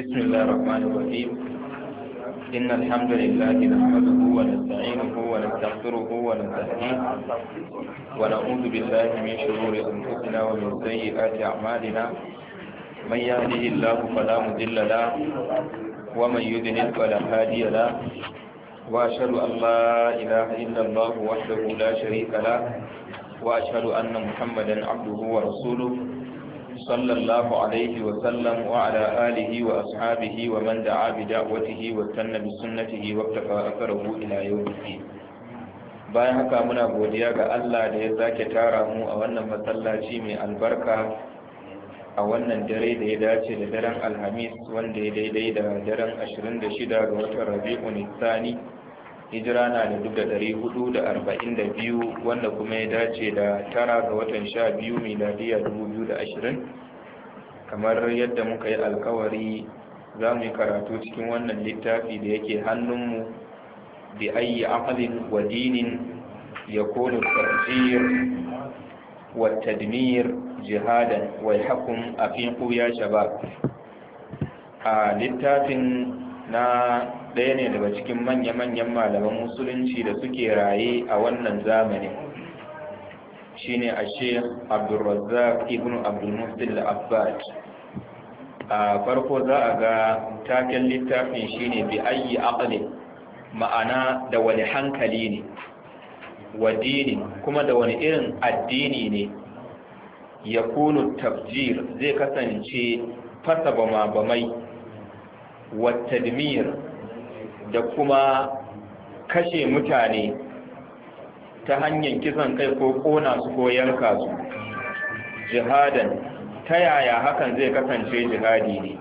بسم الله الرحمن الرحيم إن الحمد لله نحمده ونستعينه ونستغفره ونستهديه ونعوذ بالله من شرور أنفسنا ومن سيئات أعمالنا من يهده الله فلا مضل له ومن يذهل فلا هادي له وأشهد أن لا إله إلا الله وحده لا شريك له وأشهد أن محمدا عبده ورسوله صلى الله عليه وسلم وعلى آله وأصحابه ومن دعا بدعوته واستنى بسنته واقتفى أثره إلى يوم الدين bayan haka muna godiya ga Allah da ya zake tara mu a wannan masallaci mai albarka a wannan dare da ya dace da daren alhamis wanda ya daidai da daren 26 ga watan rabi'u nisani hijira na da duk da ɗari hudu da arba'in da biyu wanda kuma ya dace da tara ga watan sha biyu miladiya dubu biyu da ashirin kamar yadda muka yi alkawari za mu yi karatu cikin wannan littafi da yake hannunmu bi ayi amalin wa dinin ya kone tarjiyar wa tadmir jihadan wa hakun a fin ya shabab a littafin na ɗaya ne daga cikin manya-manyan malaman musulunci da suke raye a wannan zamanin ne a sheikh abdulrazzaq ibn abdulmusil abbad a farko za a ga taken littafin shine bi ayi ma'ana da wani hankali ne wa dini kuma da wani irin addini ne ya kunu tafjir zai kasance fasa bamabamai. bamai wa tadmir da kuma kashe mutane ta hanyar kisan kai ko kona su ko yanka su jihadan ta yaya hakan zai kasance jihadi ne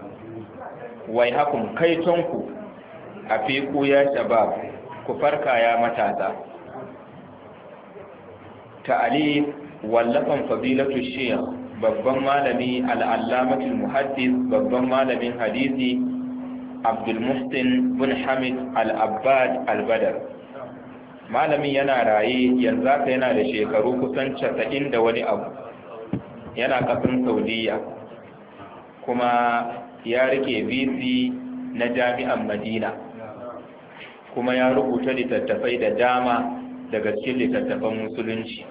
wai hakun kaitonku a fiku ya shabab ku farka ya matasa ta'ali wallafan fadilatu shiyar babban malami al'allamatul muhaddis babban malamin hadisi Abdulmuhsin bin hamid al-abbad al-badar malamin yana raye yanzu haka yana da shekaru kusan casa'in da wani abu yana kasan saudiya kuma ya rike vc na jami'an madina kuma ya rubuta littattafai da dama daga cikin littattafan musulunci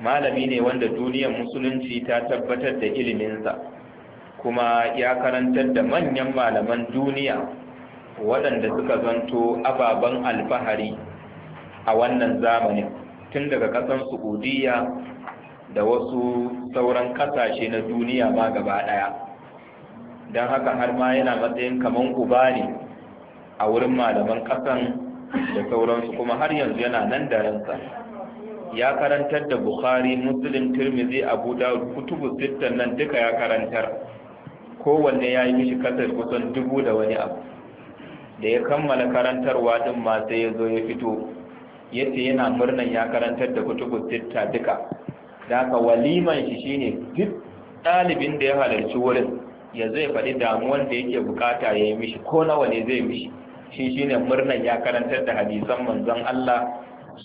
malami ne wanda duniyar musulunci ta tabbatar da iliminsa kuma ya karantar da manyan malaman duniya waɗanda suka zanto ababen alfahari a wannan zamanin tun daga ƙasar saudiya da wasu sauran ƙasashe na duniya ma gaba ɗaya don haka har ma yana matsayin kamar uba ne a wurin malaman ƙasan da sauransu kuma har yanzu yana nan da ransa ya karantar da bukhari muslim turmizi abu da kutubu sittan nan duka ya karantar kowanne ya yi mishi kasar kusan dubu da wani abu da ya kammala karantarwa din ma sai ya zo ya fito ya yana murnan ya karantar da kutubu sitta duka da haka waliman shi shine duk ɗalibin da ya halarci wurin ya zai faɗi damuwan da yake bukata ya yi mishi ko nawa ne zai mishi shi shine murnan ya karantar da hadisan manzon Allah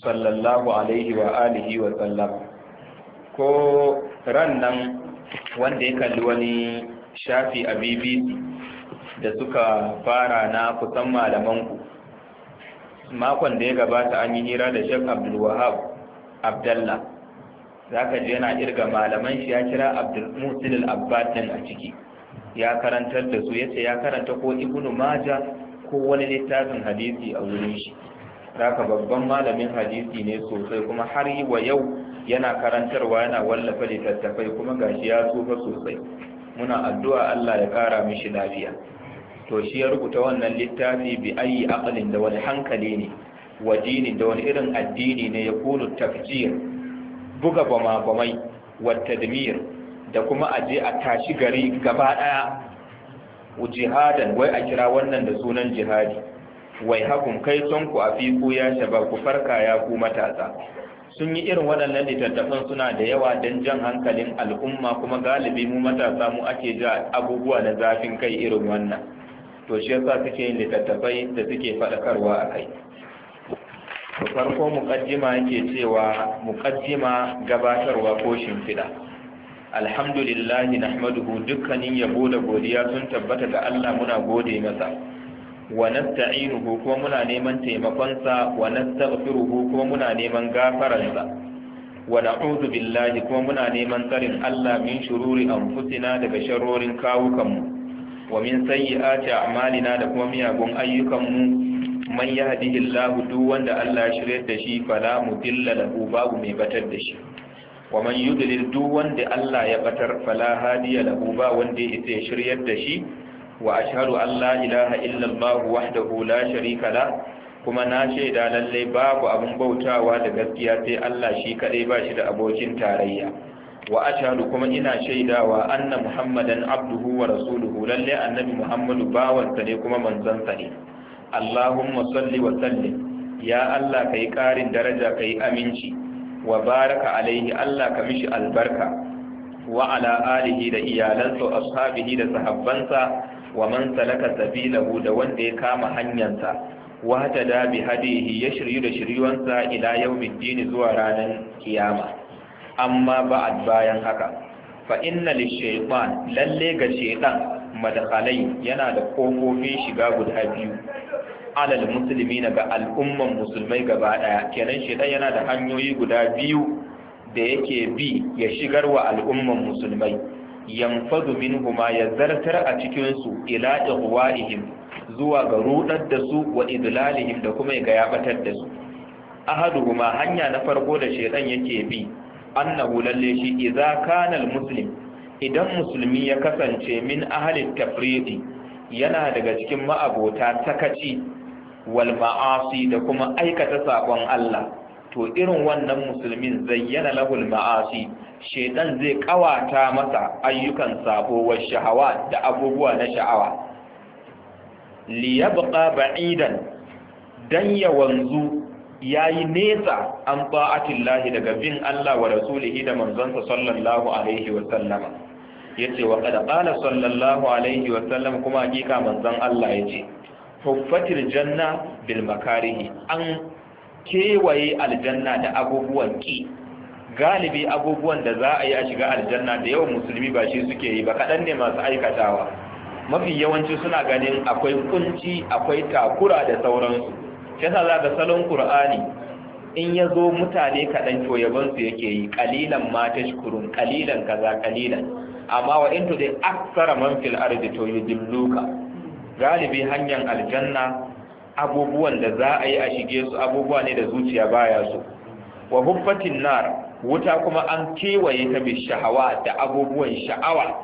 sallallahu alaihi wa alihi wa sallam ko ran nan wanda ya kalli wani shafi a bbc da suka fara na kusan malamanku makon da ya gabata an yi hira da shek abdulwahab abdallah za ka ji yana irga malaman shi ya kira abdulmusil al'abbadin a ciki ya karantar da su yace ya karanta ko ibnu maja ko wani littafin hadisi a wurin shi raka babban malamin hadisi ne sosai kuma har wa yau yana karantarwa yana wallafa littattafai kuma gashi ya tsufa sosai muna addu'a Allah ya kara mishi lafiya to shi ya rubuta wannan littafi bi ayi aqlin da wani hankali ne wa dini da wani irin addini ne ya kunu tafjir buga bama bamai wa tadmir da kuma aje a tashi gari gaba daya jihadan wai a kira wannan da sunan jihadi wai hakun kai son ku a fiku ya shaba ku farka ya ku matasa sun yi irin waɗannan littattafan suna da yawa don jan hankalin al'umma kuma galibi mu matasa mu ake ja abubuwa na zafin kai irin wannan to shi yasa suke yin littattafai da suke faɗakarwa a kai farko muƙaddima yake cewa muƙaddima gabatarwa ko shimfiɗa alhamdulillahi nahmaduhu dukkanin yabo da godiya sun tabbata ga Allah muna gode masa wa nasta'inuhu kuma muna neman taimakonsa wa nastaghfiruhu kuma muna neman gafaransa wa na'udhu billahi kuma muna neman tsarin Allah min shururi anfusina daga sharrorin kawukanmu wa min sayyi'ati a'malina da kuma miyagun ayyukanmu man yahdihillahu duk wanda Allah ya shirye da shi fala mudilla lahu babu mai batar da shi wa man yudlil duk wanda Allah ya batar fala hadiya lahu ba wanda ya shirye da shi وأشهد Allah لا إله إلا الله وحده لا kuma na shaida lallai babu abin bautawa da gaskiya sai Allah shi kadai ba shi da abokin tarayya wa ashhadu kuma ina shaidawa anna muhammadan abduhu wa rasuluhu lallai annabi muhammadu bawansa ne kuma manzansa ne allahumma salli wa sallim ya Allah kai karin daraja kai aminci wa baraka alaihi Allah ka mishi albarka wa ala alihi da iyalansa wa ashabihi da sahabbansa wa man salaka sabilahu da wanda ya kama hanyarsa wa da bi hadihi ya shiryu da shiryuwansa ila dini zuwa ranar kiyama amma ba'ad bayan haka fa inna shaytan lalle ga shaytan madkhalai yana da kofofin shiga guda biyu alal musulmi na ga al'umman musulmai gaba ɗaya kenan shaytan yana da hanyoyi guda biyu da yake bi ya shigar wa al'umman musulmai yanfadu minhu ma ya zartar a cikinsu ila ihwaihim zuwa ga rudar da su wa idlalihim da kuma ga yabatar da su Ahadu guma hanya na farko da shedan yake bi annahu lalle shi idza kana almuslim idan musulmi ya kasance min ahli tafridi yana daga cikin ma'abota takaci wal ma'asi da kuma aikata sabon Allah to irin wannan musulmin zayyana lahul ma'asi shaiɗan zai kawata masa ayyukan sabo wa shahawa da abubuwa na sha'awa li yabqa ba'idan dan ya wanzu yayi nesa an Atillahi daga bin Allah wa rasulihi da manzansa sallallahu alaihi wa sallama yace wa qad qala sallallahu alaihi wa sallam kuma hakika manzon Allah yace huffatil janna bil makarihi an kewaye aljanna da abubuwan ki galibi abubuwan da za a yi a shiga aljanna da yawan musulmi ba shi suke yi ba kaɗan ne masu aikatawa mafi yawanci suna ganin akwai kunci akwai takura da sauransu yasa za ga salon ƙur'ani. in ya zo mutane kaɗan coyabansu yake yi ƙalilan ma tashkurun ƙalilan kaza ƙalilan amma wa in dai aksara man fil ardi to yudilluka galibi hanyar aljanna abubuwan da za a yi a shige su abubuwa ne da zuciya baya so wa hubbatin nar wuta kuma an kewaye ta bi shahawa da abubuwan sha'awa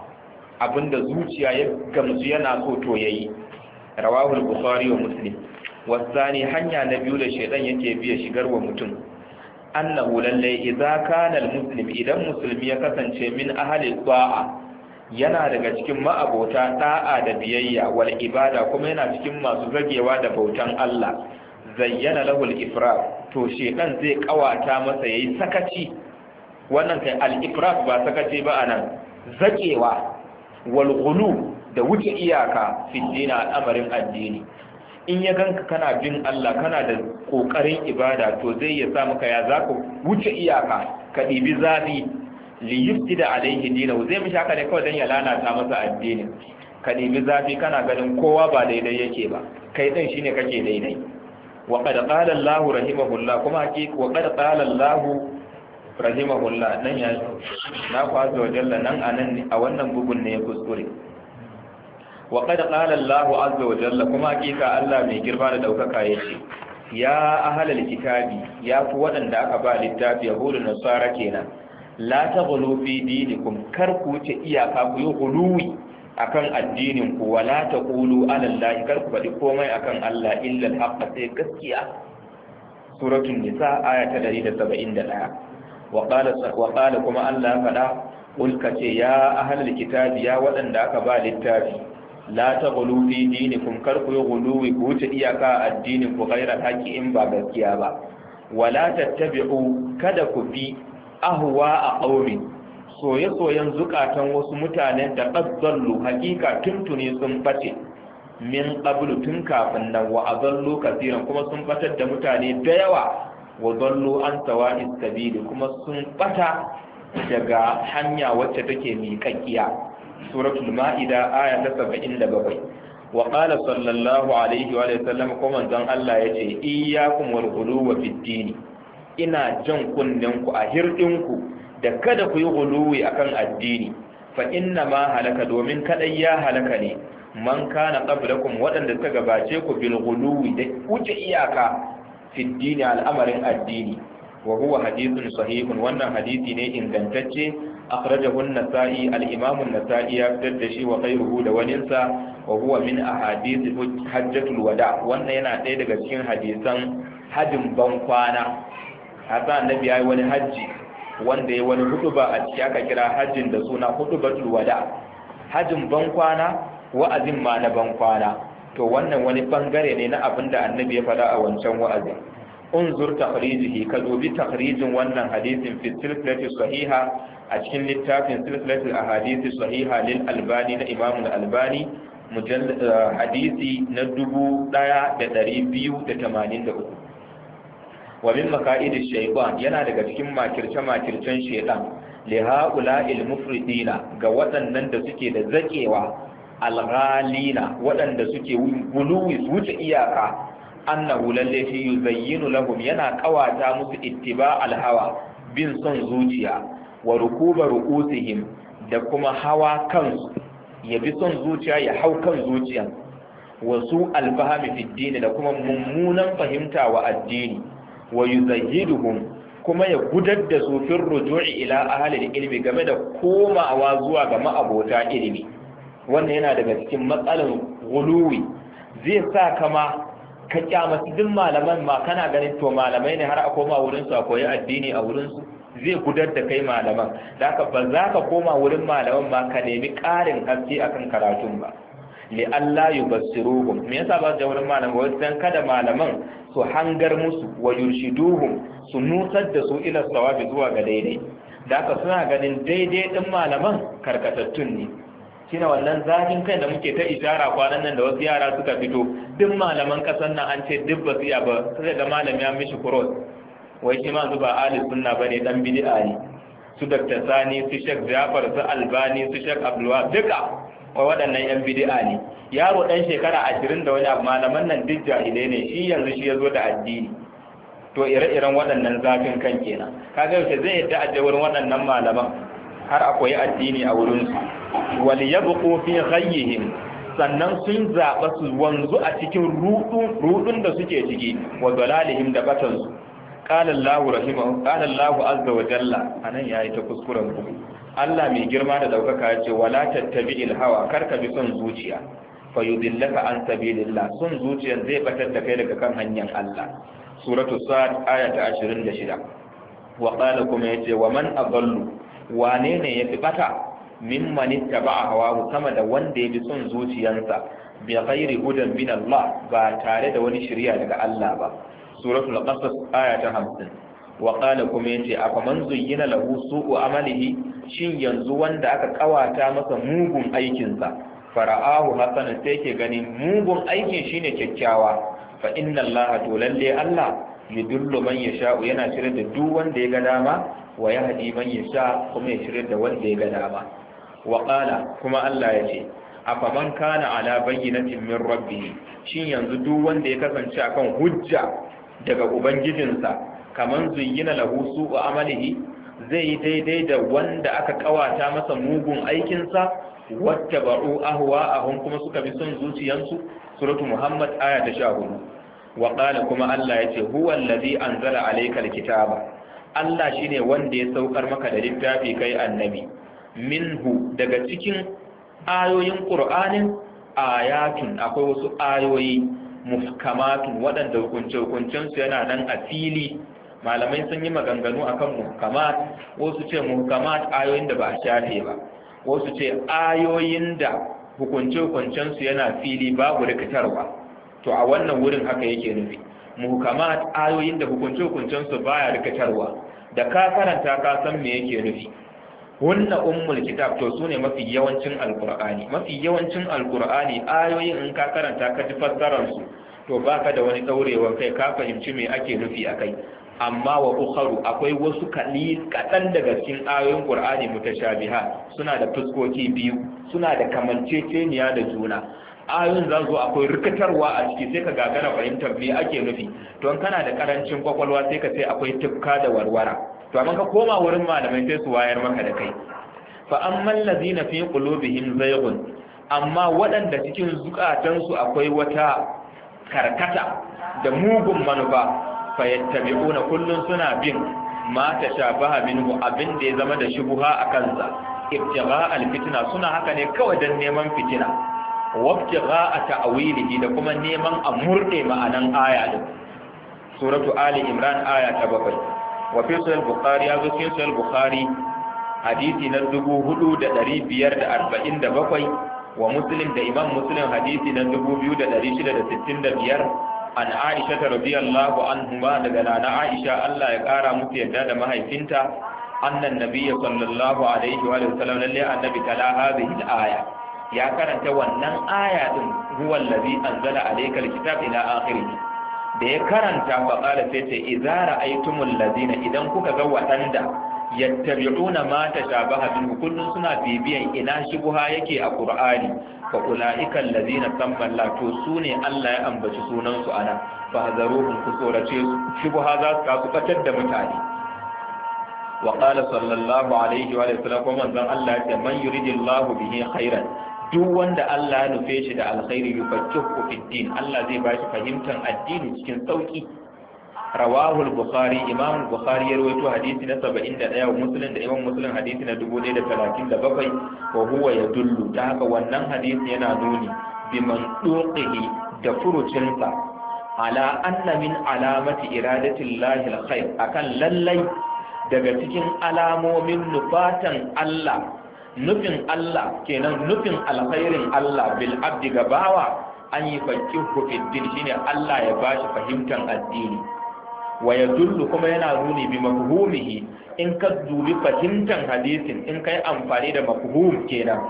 abinda zuciya ya gamsu yana so to yayi rawahul bukhari wa muslim wasani hanya na biyu da shaidan yake biya shigar wa mutum annahu lalle idza kana muslim idan musulmi ya kasance min ahli ta'a yana daga cikin ma'abota da'a da biyayya wal ibada kuma yana cikin masu zagewa da bautan Allah zayyana lahul ifrat to shedan zai kawata masa yayi sakaci wannan kai al ifrat ba sakaci ba anan zagewa wal ghulu da wuce iyaka fi dina al'amarin addini in ya ganka kana bin Allah kana da kokarin ibada to zai ya sa maka ya zaka wuce iyaka ka dibi zabi li yufsida alaihi dinahu zai mishi haka ne kawai dan ya lalata masa addinin ka nemi zafi kana ganin kowa ba daidai yake ba kai din shine kake daidai wa qad qala Allah rahimahullah kuma hakiki wa qad qala Allah rahimahullah nan ya na kwazo wajalla nan anan a wannan bugun ne ya kuskure wa qad qala Allah azza wa jalla kuma ka Allah mai girma da daukaka yace ya ahlal kitabi ya ku wadanda aka ba littafi yahudu nasara kenan la taghlu fi dinikum kar ku wuce iyaka ku yi huluwi akan addinin ku wala taqulu ala allahi kar ku faɗi komai akan Allah illa al sai gaskiya suratul nisa aya ta 171 wa qala wa qala kuma Allah faɗa ulka ce ya ahlul kitabi ya waɗanda aka ba littafi la ta gulu fi dinikum kar ku yi huluwi ku wuce iyaka addinin ku ghaira haqi in ba gaskiya ba wala tattabi'u kada ku bi ahuwa a aure soye-soyen zukatan wasu mutane da ƙazzallu hakika tuntuni sun ɓace min ƙablu tun kafin nan wa a azallu kasiran kuma sun ɓatar da mutane da yawa wa zallu an tawa istabili kuma sun ɓata daga hanya wacce take miƙaƙiya suratul ma'ida aya ta saba'in da bakwai wa ƙala sallallahu alaihi wa sallam kuma zan Allah ya ce iyyakum kuma ghuluwa wa fitini. ina jan kunninku a hirɗinku da kada ku yi guluwi akan addini fa inna ma halaka domin kaɗai ya halaka ne man kana qablakum waɗanda suka gabace ku bil guluwi da wuce iyaka fiddini al'amarin addini wa huwa hadithun sahihun wannan hadisi ne ingantacce akhrajahu an-nasa'i al-imam an-nasa'i ya fitar da shi wa ghayruhu da waninsa wa huwa min ahadith hajjatul wada wannan yana ɗaya daga cikin hadisan hadin ban kwana hasa annabi yayi wani hajji wanda ya wani hutuba a ciki aka kira hajjin da suna hutubatul wada hajjin bankwana wa'azin ma na bankwana to wannan wani bangare ne na abin da annabi ya faɗa a wancan wa'azin unzur takhrijihi ka dubi takhrijin wannan hadisin fi silsilati sahiha a cikin littafin silsilati ahadisi sahiha lil albani na imamu albani eh, hadisi na dubu ɗaya da ɗari biyu da tamanin da uku wa min makaidish shaytan yana daga cikin makirce makircen shaytan li haula'il mufridina ga waɗannan da suke da zakewa ghalina waɗanda suke guluwi wuce iyaka annahu lalle yuzayyinu lahum yana ƙawata musu ittiba alhawa bin son zuciya wa rukuba ru'usihim da kuma hawa kansu ya bi son zuciya ya hau kan zuciyan wasu alfahami fi da kuma mummunan fahimta wa addini wa yuzayyiduhum kuma ya gudar da su fil ruju'i ila ahli ilmi game da komawa zuwa ga ma'abota ilmi, wannan yana daga cikin matsalan guluwi zai sa kama ka su din malaman ma kana ganin to malamai ne har a koma wurin su a koyi addini a wurin su zai gudar da kai malaman da ka ba za ka koma wurin malaman ma ka nemi ƙarin haske akan karatun ba li alla yubassiruhum me yasa ba su wurin malaman wai kada malaman su hangar musu wa yurshiduhum su nutsar da su ila sawabi zuwa ga daidai da aka suna ganin daidai din malaman karkatattun ne kina wannan zafin kai da muke ta ishara kwanan nan da wasu yara suka fito duk malaman kasan nan an ce duk ba su iya ba sai da malami ya mishi cross wai shi ma ba ahli sunna bane dan bid'a ne su Dr. Sani su Sheikh Jafar su Albani su Sheikh abdulwa duka wa waɗannan yan bidi'a ne yaro ɗan shekara ashirin da wani malaman nan duk jahilai ne shi yanzu shi ya zo da addini to ire-iren waɗannan zafin kan kenan kaga yaushe zai yadda a wurin waɗannan malaman har a koyi addini a wurinsu wal buƙo fi hayyihim sannan sun zaɓa su wanzu a cikin ruɗun da suke ciki wa zalalihim da batansu qala Allahu rahimahu qala Allahu azza wa jalla anan yayi ta kuskuren ku Allah mai girma da daukaka ya ce wala ilhawa kar ka bi son zuciya fa yudillaka an sabilillah son zuciyar zai batar da kai daga kan hanyar Allah suratul sa'ad aya ta 26 wa qala kuma yace wa man adallu wane ne yafi bata mimman ittaba'a hawahu sama da wanda ya bi son zuciyarsa, bi ghairi hudan min Allah ba tare da wani shiriya daga Allah ba suratul qasas aya ta 50 wa qala kuma yace afa man zuyyina lahu su'u amalihi shin yanzu wanda aka kawata masa mugun aikinsa? sa fara'ahu hasana sai ke ganin mugun aikin shine kyakkyawa fa inna Allah to lalle Allah yudullu man sha'u yana shirye da duk wanda ya ga dama wa yahdi man yasha kuma ya shirye da wanda ya ga dama wa kuma Allah yace afa man kana ala bayyana min rabbi shin yanzu duk wanda ya kasance akan hujja daga ubangijinsa kamar zuyyina lahu su'u amalihi zai yi daidai da wanda aka kawata masa mugun aikinsa wacce ba'u a ahun kuma suka bi son zuciyarsu, suratu muhammad aya ta sha hudu wa kuma allah ya ce huwa allazi anzala alayka alkitaba allah shine wanda ya saukar maka da littafi kai annabi minhu daga cikin ayoyin ƙur'anin ayatun akwai wasu ayoyi muhkamatun waɗanda hukunce-hukuncensu yana nan a fili malamai sun yi maganganu a kan muhkamat wasu ce muhkamat ayoyin da ba a shafe ba wasu ce ayoyin da hukunce hukuncensu yana fili babu rikitarwa to a wannan wurin haka yake nufi muhkamat ayoyin da hukunce hukuncensu ba baya rikitarwa da ka karanta ka san me yake nufi hunna ummul kitab to sune mafi yawancin alqur'ani mafi yawancin alqur'ani ayoyin in ka karanta ka ji fassarar su to baka da wani daurewa kai ka fahimci me ake nufi a kai. amma wa ukharu akwai wasu kaɗi kaɗan daga cikin ayoyin ƙur'ani mutashabiha suna da fuskoki biyu suna da kamanceceniya da juna ayoyin za akwai rikitarwa a ciki sai ka gagara fahimtar me ake nufi to in kana da karancin kwakwalwa sai ka sai akwai tufka da warwara to amma ka koma wurin malamai sai su wayar maka da kai fa ammal ladina fi qulubihim zayghun amma waɗanda cikin zukatansu akwai wata karkata da mugun manufa fayattabi'una kullun suna bin ma tashabaha minhu abin da ya zama da shubuha a kansa ibtigha alfitna suna haka ne kawai dan neman fitina wabtigha ta'wilihi da kuma neman a murde ma'anan aya din suratu ali imran aya ta bakwai wa fi sahih bukhari yazo cikin sahih bukhari hadisi na 4547 wa muslim da imam muslim hadisi na 2665 an Aisha ta radiyallahu anhuma daga nana Aisha Allah ya kara musu yadda da mahaifinta annan nabiyya sallallahu alaihi wa sallam lalle annabi tala hadhihi al ya karanta wannan aya din huwa allazi anzala alayka al ila akhirih da ya karanta fa qala sai ce idza ra'aytumul ladina idan kuka ga wadanda yattabi'una ma tashabaha minhu kullun suna bibiyan ina shubha yake a qur'ani fa ulaika allazina tamballa to sune Allah ya ambaci sunan su ana fa hazaruhum ku shubha za su kasu batar da mutane wa qala sallallahu alaihi wa sallam kuma manzon Allah ya man yuridillahu bihi khairan duk wanda Allah ya nufe shi da alkhairi yufaqqihu fid din Allah zai ba shi fahimtar addini cikin sauki rawahu al-bukhari imam al-bukhari ya rawaito hadisi na 71 wa muslim da imam muslim hadisi na 1037 wa huwa yadullu ta haka wannan hadisi yana nuni bi manduqihi da furucinsa ala anna min alamati iradati llahi al-khair akan lallai daga cikin alamomin nufatan Allah nufin Allah kenan nufin alkhairin Allah bil abdi gabawa an yi fakkihu fi din shine Allah ya bashi fahimtar addini wa ya dullu kuma yana nuni bi mafhumihi in ka dubi fahimtar hadisin in yi amfani da mafhum kenan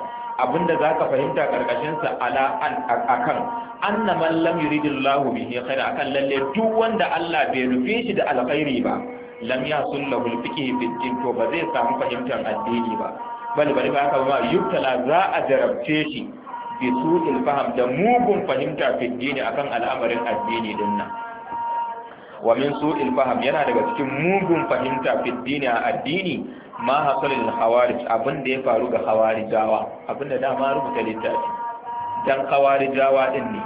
abinda zaka fahimta karkashin sa ala an akan anna man lam yuridillahu bihi khaira akan lalle duk wanda Allah bai rufe shi da alkhairi ba lam yasul lahu alfiqh fi to ba zai samu fahimtar addini ba bal bari ba ka ba yubtala za a jarabce shi bi su'il faham da mugun fahimta fi akan al'amarin addini nan. wa min su'il faham yana daga cikin mugun fahimta fi dini a addini ma hasalin hawarij abin da ya faru ga hawarijawa abin da dama rubuta littafi dan din ne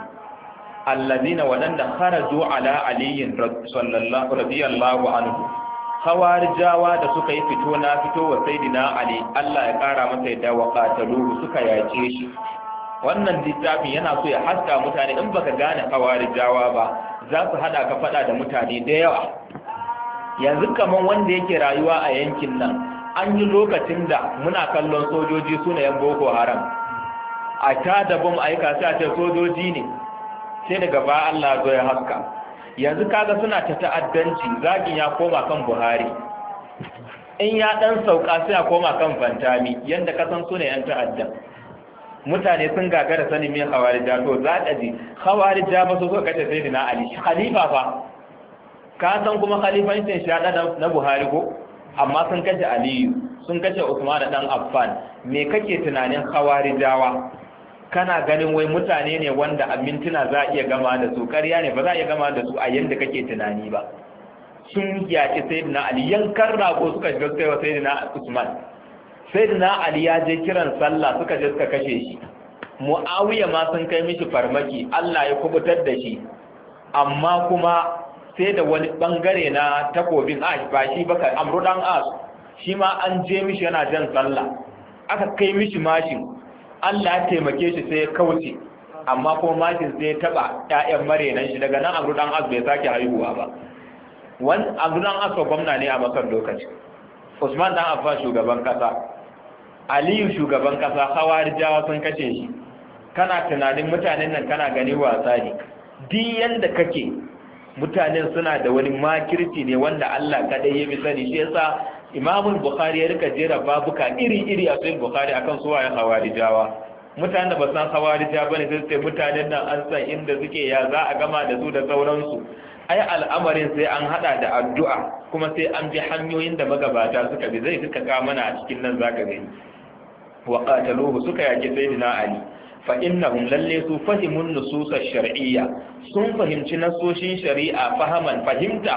allazina wadanda kharaju ala aliyin sallallahu radiyallahu anhu hawarijawa da suka yi fito na fito wa saidina ali Allah ya kara masa yadda wa qataluhu suka yace shi wannan littafin yana so ya haska mutane in baka gane hawarijawa ba za su haɗa ka faɗa da mutane da yawa yanzu kamar wanda yake rayuwa a yankin nan an yi lokacin da muna kallon sojoji suna yan boko haram a ta da bom a yi kasu a ce sojoji ne sai daga ba Allah zo ya haska yanzu kaga suna ta ta'addanci zagin ya koma kan buhari in ya ɗan sauka sai ya koma kan fantami yanda kasan suna yan ta'addan mutane sun gagara sanin min hawarija to za ka ji hawarija ba su suka kace sai dina ali khalifa fa ka san kuma Khalifa khalifancin shaɗa na buhari ko amma sun kace aliyu sun kace usman dan affan me kake tunanin hawarijawa kana ganin wai mutane ne wanda a mintuna za a iya gama da su ƙarya ne ba za a iya gama da su a yanda kake tunani ba sun yaki sayyidina ali yankar ko suka shiga sayyidina usman na ali ya je kiran sallah suka je suka kashe shi muawiya ma sun kai mishi farmaki Allah ya kubutar da shi amma kuma sai da wani bangare na takobin ash ba shi baka amru dan as shi ma an je mishi yana jan sallah aka kai mishi mashin Allah ya taimake shi sai ya kauce amma kuma mashin sai ya taba 'ya'yan marenan shi daga nan amru dan as bai sake haihuwa ba wani amru dan as gwamna ne a masar lokaci Usman dan Affan shugaban kasa aliyu shugaban kasa hawarijawa sun kashe shi kana tunanin mutanen nan kana gani wasa ne duk yanda kake mutanen suna da wani makirci ne wanda Allah kaɗai ya fi sani shi yasa Imamul Bukhari ya rika jera babuka iri-iri a cikin Bukhari akan ya hawa rijawa. mutanen da ba san ba bane sai sai mutanen nan an san inda suke ya za a gama da su da sauransu ai al'amarin sai an hada da addu'a kuma sai an bi hanyoyin da magabata suka bi zai suka ka mana a cikin nan zaka gani wa qataluhu suka yaki sayyidina ali fa innahum lalle su fahimun nusus shar'iyya sun fahimci nasoshin shari'a fahaman fahimta